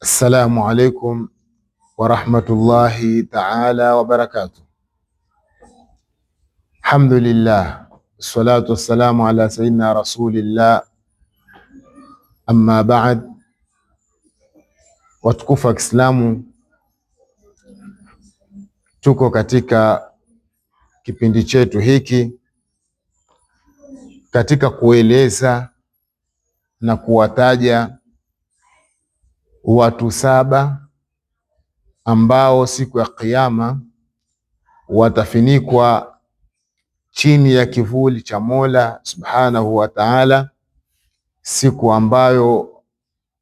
Assalamu alaikum warahmatullahi taala wabarakatuh. Alhamdulillah wassalatu wassalamu ala sayidina rasulillah, amma baad. Watukufu wa Kiislamu, tuko katika kipindi chetu hiki katika kueleza na kuwataja watu saba ambao siku ya Kiyama watafinikwa chini ya kivuli cha Mola Subhanahu wa Ta'ala, siku ambayo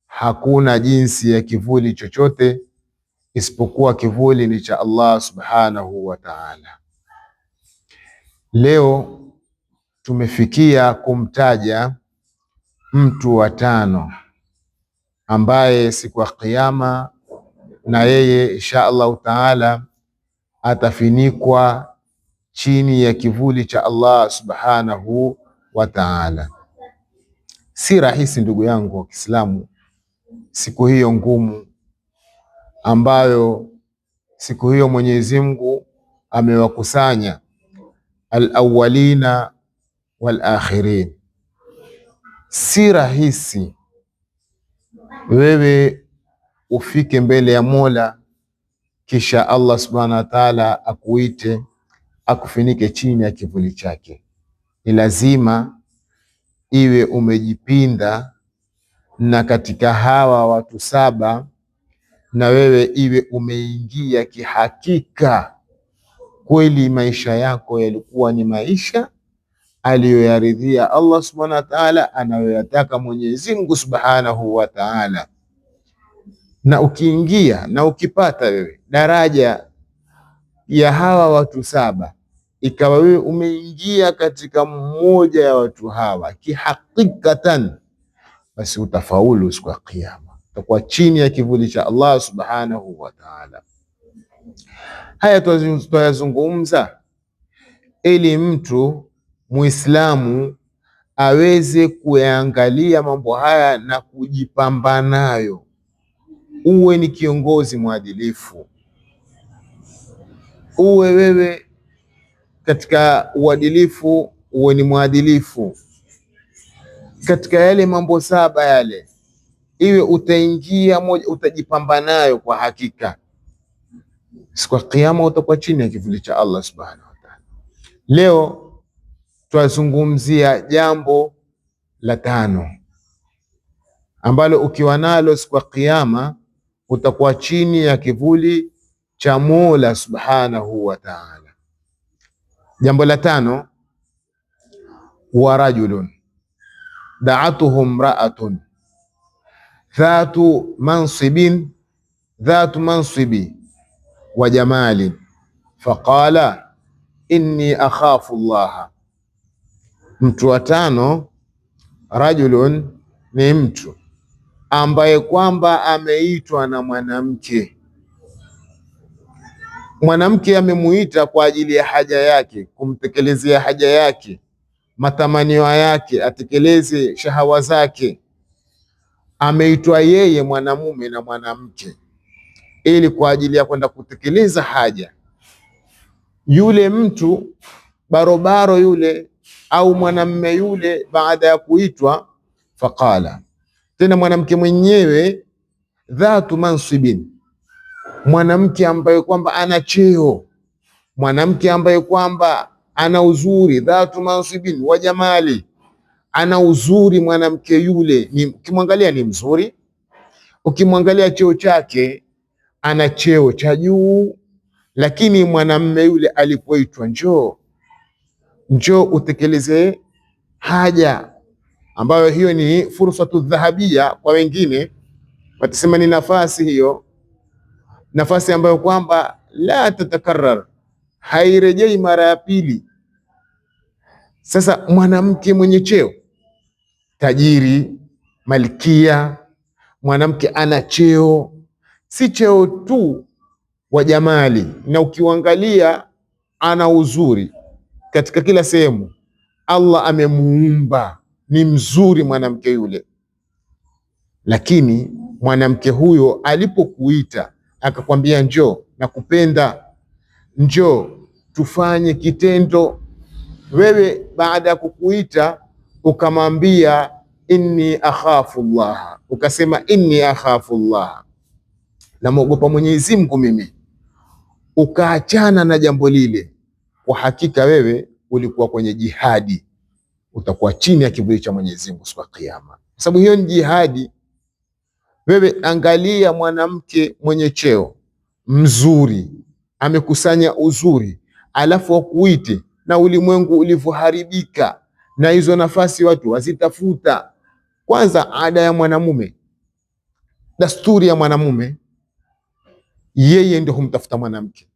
hakuna jinsi ya kivuli chochote isipokuwa kivuli ni cha Allah Subhanahu wa Ta'ala. Leo tumefikia kumtaja mtu wa tano ambaye siku ya Kiyama na yeye insha Allahu taala atafinikwa chini ya kivuli cha Allah subhanahu wa taala. Si rahisi ndugu yangu wa Kiislamu, siku hiyo ngumu ambayo siku hiyo Mwenyezi Mungu amewakusanya alawalina walakhirin, si rahisi wewe ufike mbele ya Mola, kisha Allah subhanahu wa taala akuite akufinike chini ya kivuli chake. Ni lazima iwe umejipinda na katika hawa watu saba, na wewe iwe umeingia kihakika, kweli maisha yako yalikuwa ni maisha aliyoyaridhia Allah subhanahu wa ta'ala, anayoyataka Mwenyezi Mungu subhanahu wa ta'ala. Na ukiingia na ukipata wewe daraja ya hawa watu saba, ikawa wewe umeingia katika mmoja ya watu hawa kihakikatan, basi utafaulu siku ya Kiyama, utakuwa chini ya kivuli cha Allah subhanahu wa ta'ala. Haya twayazungumza ili mtu Muislamu aweze kuyaangalia mambo haya na kujipambana nayo, uwe ni kiongozi mwadilifu, uwe wewe katika uadilifu, uwe ni mwadilifu katika yale mambo saba yale, iwe utaingia moja, utajipambana nayo kwa hakika. Siku ya Kiyama utakuwa chini ya kivuli cha Allah subhanahu wa ta'ala. Leo twazungumzia jambo la tano ambalo ukiwa nalo siku ya Kiyama utakuwa chini ya kivuli cha Mola Subhanahu wa Ta'ala. Jambo la tano, wa rajulun da'atuhu mraatun dhatu mansibin dhatu mansibi wa jamalin faqala inni akhafu llaha Mtu wa tano, rajulun ni mtu ambaye kwamba ameitwa na mwanamke, mwanamke amemuita kwa ajili ya haja yake, kumtekelezea haja yake, matamanio yake, atekeleze shahawa zake. Ameitwa yeye mwanamume na mwanamke, ili kwa ajili ya kwenda kutekeleza haja. Yule mtu barobaro yule au mwanamme yule baada ya kuitwa. Faqala, tena mwanamke mwenyewe dhatu mansibin, mwanamke ambaye kwamba ana cheo, mwanamke ambaye kwamba ana uzuri. Dhatu mansibin wa jamali, ana uzuri mwanamke yule, ukimwangalia ni mzuri, ukimwangalia cheo chake, ana cheo cha juu. Lakini mwanamme yule alipoitwa njoo njoo utekeleze haja ambayo hiyo ni fursatu dhahabia kwa wengine, watasema ni nafasi hiyo, nafasi ambayo kwamba la tatakarar, hairejei mara ya pili. Sasa mwanamke mwenye cheo, tajiri, malkia, mwanamke ana cheo, si cheo tu wa jamali, na ukiuangalia ana uzuri katika kila sehemu. Allah amemuumba ni mzuri mwanamke yule, lakini mwanamke huyo alipokuita akakwambia, njoo nakupenda, njoo tufanye kitendo, wewe baada ya kukuita ukamwambia inni akhafu llaha, ukasema inni akhafu llaha, namwogopa Mwenyezi Mungu mimi, ukaachana na jambo lile kwa hakika wewe ulikuwa kwenye jihadi, utakuwa chini ya kivuli cha Mwenyezi Mungu siku ya Kiyama, kwa sababu hiyo ni jihadi. Wewe angalia mwanamke mwenye cheo mzuri, amekusanya uzuri, alafu wakuite na ulimwengu ulivyoharibika na hizo nafasi watu wazitafuta. Kwanza ada ya mwanamume, dasturi ya mwanamume, yeye ndio humtafuta mwanamke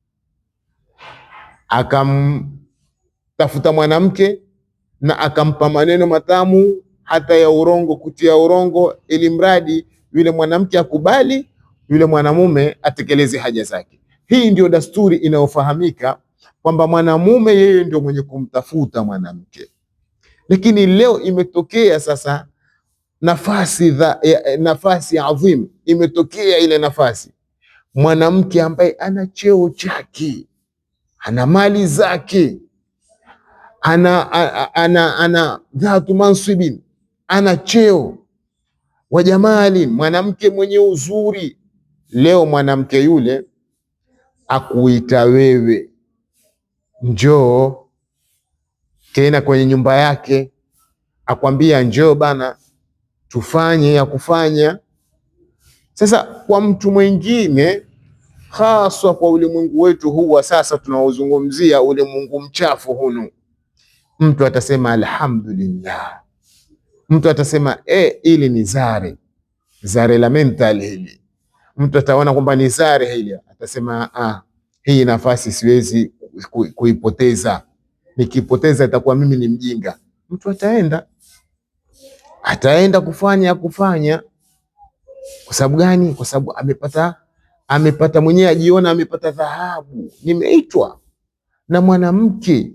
akamtafuta mwanamke na akampa maneno matamu hata ya urongo, kutia urongo, ili mradi yule mwanamke akubali, yule mwanamume atekeleze haja zake. Hii ndio dasturi inayofahamika kwamba mwanamume yeye ndio mwenye kumtafuta mwanamke, lakini leo imetokea sasa nafasi dha, nafasi adhimu imetokea ile nafasi mwanamke ambaye ana cheo chake ana mali zake, ana ana, ana, ana dhatu mansibin, ana cheo wa jamali, mwanamke mwenye uzuri. Leo mwanamke yule akuita wewe njoo, tena kwenye nyumba yake akwambia njoo bana, tufanye ya kufanya. Sasa kwa mtu mwingine haswa kwa ulimwengu wetu huu wa sasa tunaozungumzia, ulimwengu mchafu hunu. Mtu atasema alhamdulillah, mtu atasema e, eh, ili ni zare zare la mental hili. Mtu ataona kwamba ni zare hili, atasema ah, hii nafasi siwezi kuipoteza, nikipoteza itakuwa mimi ni mjinga. Mtu ataenda ataenda kufanya kufanya. Kwa sababu gani? Kwa sababu amepata amepata mwenyewe, ajiona amepata dhahabu. Nimeitwa na mwanamke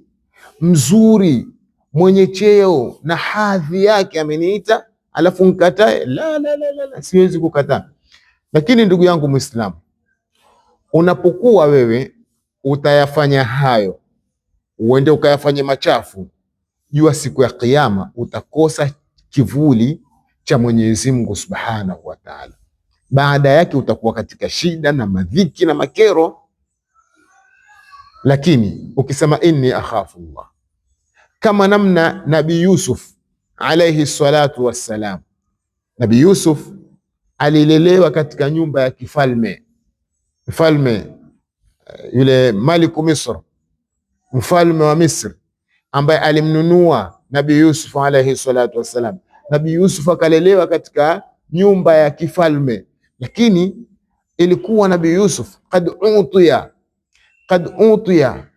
mzuri mwenye cheo na hadhi yake, ameniita alafu nkatae? La, la, la, la, la, siwezi kukataa. Lakini ndugu yangu Muislamu, unapokuwa wewe utayafanya hayo, uende ukayafanye machafu, jua siku ya Kiyama utakosa kivuli cha Mwenyezi Mungu Subhanahu wa Ta'ala baada yake utakuwa katika shida na madhiki na makero. Lakini ukisema inni akhafu Allah, kama namna Nabii Yusuf alaihi salatu wassalam. Nabii Yusuf alilelewa katika nyumba ya kifalme, mfalme eh, yule maliku Misr, mfalme wa Misri ambaye alimnunua Nabii Yusuf alaihi salatu wassalam. Nabii Yusuf akalelewa katika nyumba ya kifalme lakini ilikuwa nabi Yusuf kad utiya kad utiya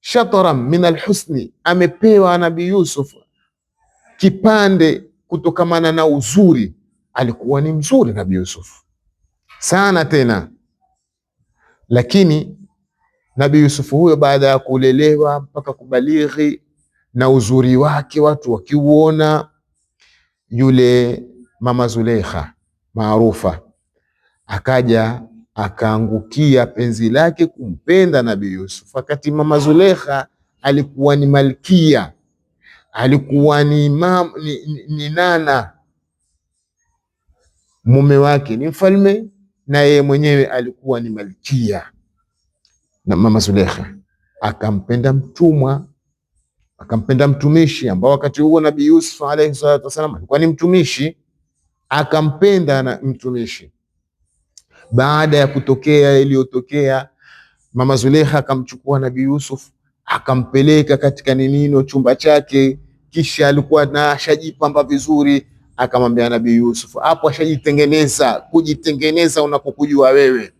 shatran min alhusni, amepewa nabi Yusuf kipande kutokamana na uzuri. Alikuwa ni mzuri nabi Yusuf sana tena, lakini nabi Yusuf huyo baada ya kulelewa mpaka kubalighi na uzuri wake watu wakiuona, yule mama Zuleikha maarufa akaja akaangukia penzi lake kumpenda Nabii Yusuf. Wakati Mama Zulekha alikuwa ni malkia, alikuwa ni imam, ni, ni, ni nana, mume wake ni mfalme na yeye mwenyewe alikuwa ni malkia. Na Mama Zulekha akampenda mtumwa, akampenda mtumishi, ambao wakati huo Nabii Yusuf alayhi salatu wasalam alikuwa ni mtumishi, akampenda na mtumishi baada ya kutokea iliyotokea Mama Zulekha akamchukua Nabii Yusuf akampeleka katika ninino chumba chake, kisha alikuwa na ashajipamba vizuri. Akamwambia Nabii Yusuf hapo ashajitengeneza, kujitengeneza unakokujua wewe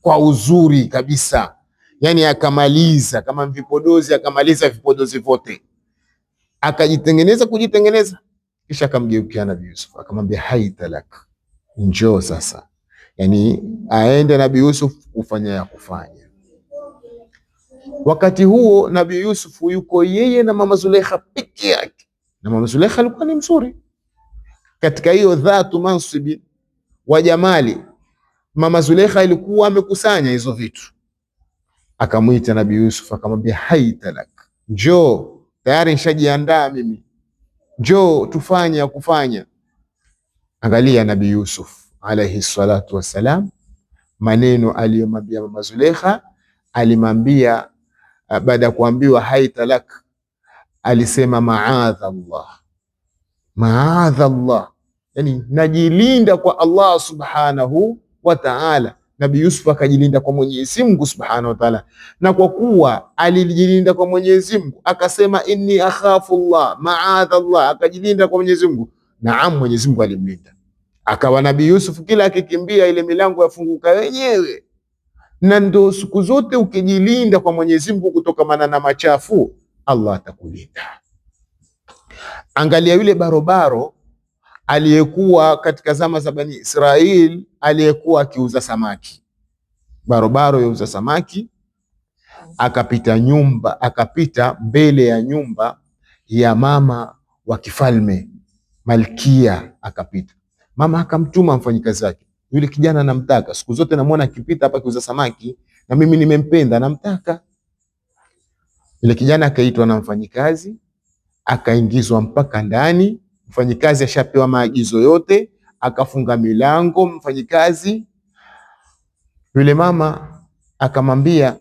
kwa uzuri kabisa, yani akamaliza kama vipodozi, akamaliza vipodozi vyote, akajitengeneza kujitengeneza. Kisha akamgeukia Nabii Yusuf akamwambia, haitalak, njoo sasa yani aende nabi Yusuf kufanya ya kufanya. Wakati huo nabi Yusuf yuko yeye na mama Zulekha peke yake, na mama Zulekha alikuwa ni mzuri katika hiyo dhatu mansibi wa jamali. Mama Zulekha alikuwa amekusanya hizo vitu, akamwita nabi Yusuf akamwambia, haitalak, njoo tayari nishajiandaa mimi, njoo tufanye ya kufanya. Angalia nabi Yusuf alaihi salatu wassalam, maneno aliyomwambia mama Zulekha alimwambia ah, baada ya kuambiwa hai talak, alisema maadha Allah, maadha Allah, yani najilinda kwa Allah subhanahu wa ta'ala. Nabii Yusuf akajilinda kwa Mwenyezi Mungu subhanahu wa ta'ala, na kwa kuwa alijilinda kwa Mwenyezi Mungu akasema inni akhafu Allah maadha Allah, akajilinda kwa Mwenyezi Mungu. Naam, Mwenyezi Mungu alimlinda Akawa Nabii Yusuf kila akikimbia ile milango yafunguka wenyewe. Na ndo siku zote ukijilinda kwa Mwenyezi Mungu kutokamana na machafu, Allah atakulinda. Angalia yule barobaro aliyekuwa katika zama za Bani Israil, aliyekuwa akiuza samaki, barobaro yauza samaki, akapita nyumba, akapita mbele ya nyumba ya mama wa kifalme Malkia, akapita Mama akamtuma mfanyikazi wake, yule kijana anamtaka, siku zote namwona akipita hapa kiuza samaki, na mimi nimempenda, namtaka. Yule kijana akaitwa na mfanyikazi, akaingizwa mpaka ndani. Mfanyikazi ashapewa maagizo yote, akafunga milango mfanyikazi. Yule mama akamwambia,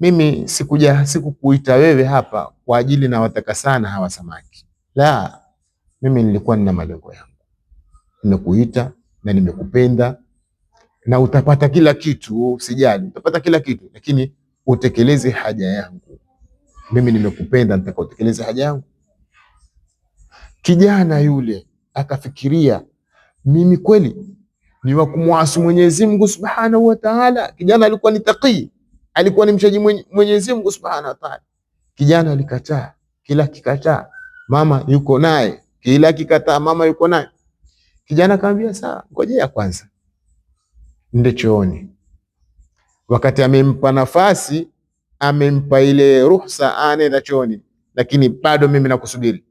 mimi sikuja sikukuita wewe hapa kwa ajili, nawataka sana hawa samaki, la, mimi nilikuwa nina malengo yangu nimekuita na nimekupenda na utapata kila kitu, usijali, utapata kila kitu, lakini utekeleze haja yangu. Mimi nimekupenda, nataka utekeleze haja yangu. Kijana yule akafikiria, mimi kweli ni wa kumwasi Mwenyezi Mungu Subhanahu wa Ta'ala. Kijana alikuwa ni taqi, alikuwa ni mchaji Mwenyezi Mungu Subhanahu wa Ta'ala. Kijana alikataa, kila kikataa mama yuko naye, kila kikataa mama yuko naye. Kijana akamwambia sawa, ngojea kwanza nde chooni. Wakati amempa nafasi, amempa ile ruhusa, anenda chooni, lakini bado mimi nakusubiri.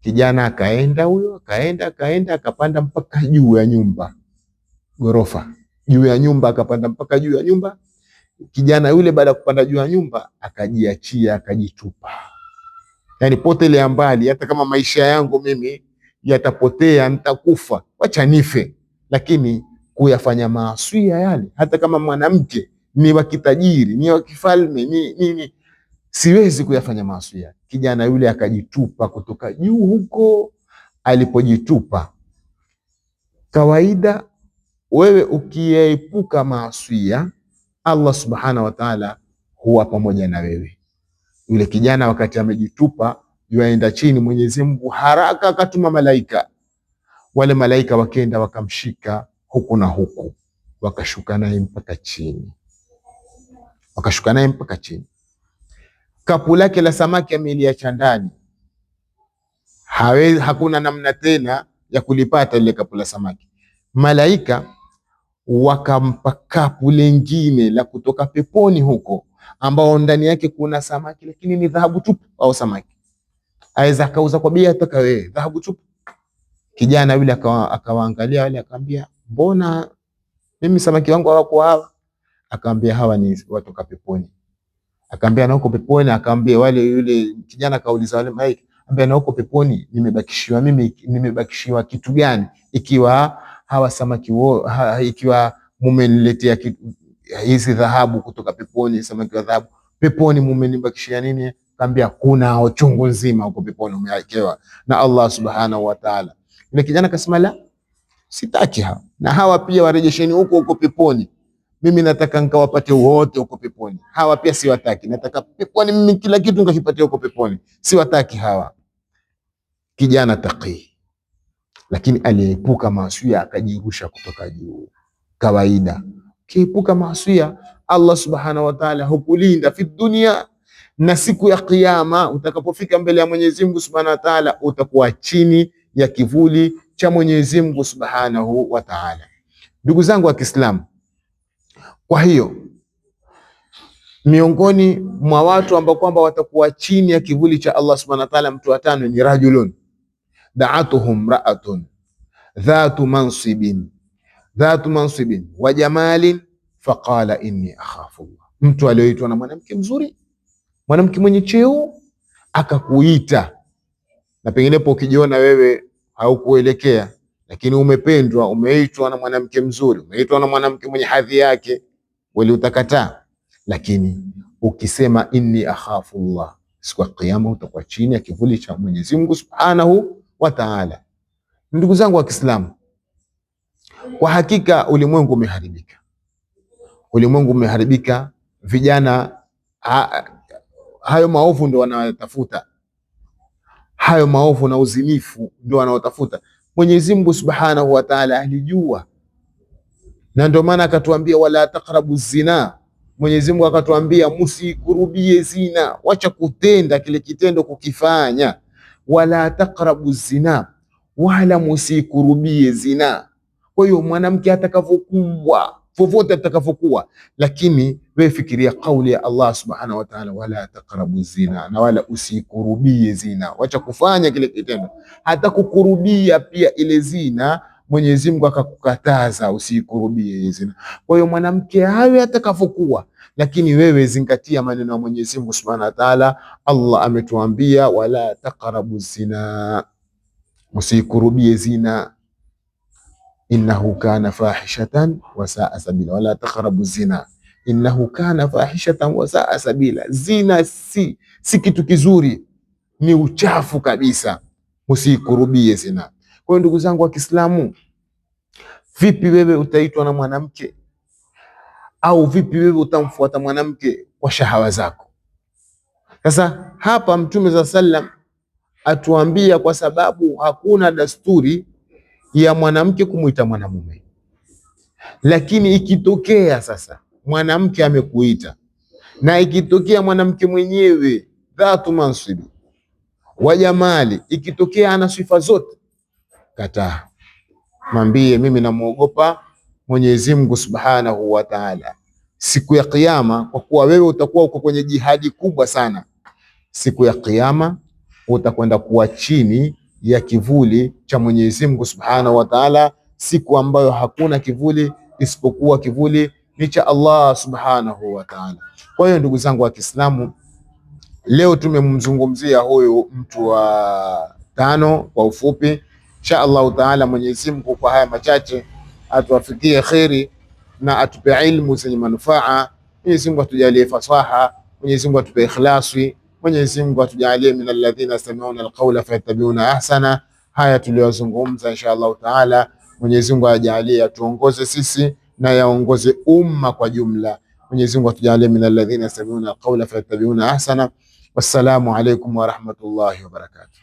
Kijana akaenda huyo, akaenda akaenda, akapanda mpaka juu ya nyumba, gorofa juu ya nyumba, akapanda mpaka juu ya nyumba. Kijana yule baada ya kupanda juu ya nyumba akajiachia, akajitupa. Yani potelea mbali, hata kama maisha yangu mimi yatapotea, nitakufa, wacha nife. Lakini kuyafanya maaswia yale, hata kama mwanamke ni wa kitajiri, ni wa kifalme, ni nini, siwezi kuyafanya maaswia. Kijana yule akajitupa kutoka juu huko. Alipojitupa kawaida, wewe ukiepuka maaswia, Allah subhanahu wa ta'ala huwa pamoja na wewe. Yule kijana wakati amejitupa yuaenda chini, Mwenyezi Mungu haraka akatuma malaika. Wale malaika wakenda wakamshika huku na huku, wakashuka naye mpaka chini, wakashuka naye mpaka chini. Kapu lake la samaki ameliacha ndani, hakuna namna tena ya kulipata ile kapu la samaki. Malaika wakampa kapu lengine la kutoka peponi huko, ambao ndani yake kuna samaki, lakini ni dhahabu tupu au samaki aweza akauza kwa bei hata wewe, eh, dhahabu tu. Kijana yule akawaangalia wale akamwambia, mbona mimi samaki wangu hawako hapa? Akamwambia hawa ni watu wa peponi. Akamwambia na huko peponi, akamwambia wale, yule kijana kauliza wale Mike, ambaye na huko peponi nimebakishiwa mimi, nimebakishiwa kitu gani ikiwa hawa samaki wao ha, ikiwa mumeniletea hizi dhahabu kutoka peponi, samaki wa dhahabu peponi, mumenibakishia nini? kaambia kuna uchungu nzima huko peponi umewekewa na Allah subhanahu wa ta'ala. Yule kijana akasema la, sitaki hawa na hawa pia warejesheni huko huko peponi. Mimi nataka nikawapate wote huko peponi. Hawa pia siwataki, nataka peponi mimi kila kitu nikakipate huko peponi, siwataki hawa. Kijana taqi, lakini aliepuka maasi akajirusha kutoka juu. Kawaida kiepuka maasi, Allah subhanahu wa ta'ala hukulinda fi dunia na siku ya Kiyama utakapofika mbele ya Mwenyezi Mungu Subhanahu wa Ta'ala, utakuwa chini ya kivuli cha Mwenyezi Mungu Subhanahu wa Ta'ala. Ndugu zangu wa Kiislamu, kwa hiyo miongoni mwa watu ambao kwamba watakuwa chini ya kivuli cha Allah Subhanahu wa Ta'ala, mtu watano ni rajulun da'atuhum ra'atun dhatu mansibin dhatu mansibin wa jamalin faqala inni akhafu Allah, mtu aliyoitwa na mwanamke mzuri mwanamke mwenye cheo akakuita, na penginepo ukijiona wewe haukuelekea, lakini umependwa, umeitwa na mwanamke mzuri, umeitwa na mwanamke mwenye hadhi yake, weli utakataa. Lakini ukisema inni akhafu Allah, siku ya Kiyama utakuwa chini ya kivuli cha Mwenyezi Mungu Subhanahu wa Ta'ala. Ndugu zangu wa Kiislamu, kwa hakika ulimwengu umeharibika, ulimwengu umeharibika. Vijana hayo maovu ndo wanayotafuta, hayo maovu na uzinifu ndo wanaotafuta. Mwenyezi Mungu Subhanahu wa Ta'ala alijua, na ndio maana akatuambia wala taqrabu zina. Mwenyezi Mungu akatuambia msikurubie zina, wacha kutenda kile kitendo kukifanya. Wala taqrabu zina, wala musikurubie zina. Kwa hiyo mwanamke atakavyokumbwa vyovyote atakavyokuwa, lakini wewe fikiria kauli ya Allah subhanahu wa ta'ala, wala taqrabu zina, na wala usikurubie zina, wacha kufanya kile kitendo. Hata kukurubia pia ile zina, Mwenyezi Mungu akakukataza usikurubie zina. Kwa hiyo mwanamke hayo atakavyokuwa, lakini wewe zingatia maneno ya Mwenyezi Mungu subhanahu wa ta'ala. Allah ametuambia wala taqrabu zina, usikurubie zina innahu kana fahishatan wa saa sabila wala taqrabu zina innahu kana fahishatan wa saa sabila. Zina si, si kitu kizuri, ni uchafu kabisa, usiikurubie zina. Kwa hiyo ndugu zangu wa Kiislamu, vipi wewe utaitwa na mwanamke au vipi wewe utamfuata mwanamke kwa shahawa zako? Sasa hapa Mtume saa salam atuambia, kwa sababu hakuna dasturi ya mwanamke kumwita mwanamume. Lakini ikitokea sasa mwanamke amekuita na ikitokea mwanamke mwenyewe dhatu mansibi wa jamali, ikitokea ana sifa zote, kataa, mwambie mimi namuogopa Mwenyezi Mungu Subhanahu wa Ta'ala siku ya Kiyama, kwa kuwa wewe utakuwa uko kwenye jihadi kubwa sana. Siku ya Kiyama utakwenda kuwa chini ya kivuli cha Mwenyezi Mungu Subhanahu wa Ta'ala, siku ambayo hakuna kivuli isipokuwa kivuli ni cha Allah Subhanahu wa Ta'ala. Kwa hiyo ndugu zangu wa Kiislamu, leo tumemzungumzia huyu mtu wa tano kwa ufupi. Insha Allahu Ta'ala, Mwenyezi Mungu kwa haya machache atuafikie kheri na atupe ilmu zenye manufaa. Mwenyezi Mungu atujalie fasaha, Mwenyezi Mungu atupe ikhlasi Mwenyezi Mungu atujalie min alladhina yastami'una alqawla fayattabi'una ahsana. Haya tuliyozungumza inshallah Allahu taala, Mwenyezi Mungu ajalie atuongoze sisi na yaongoze umma kwa jumla. Mwenyezi Mungu atujalie min alladhina yastami'una alqawla fayattabi'una ahsana. Wassalamu alaykum wa rahmatullahi wa barakatuh.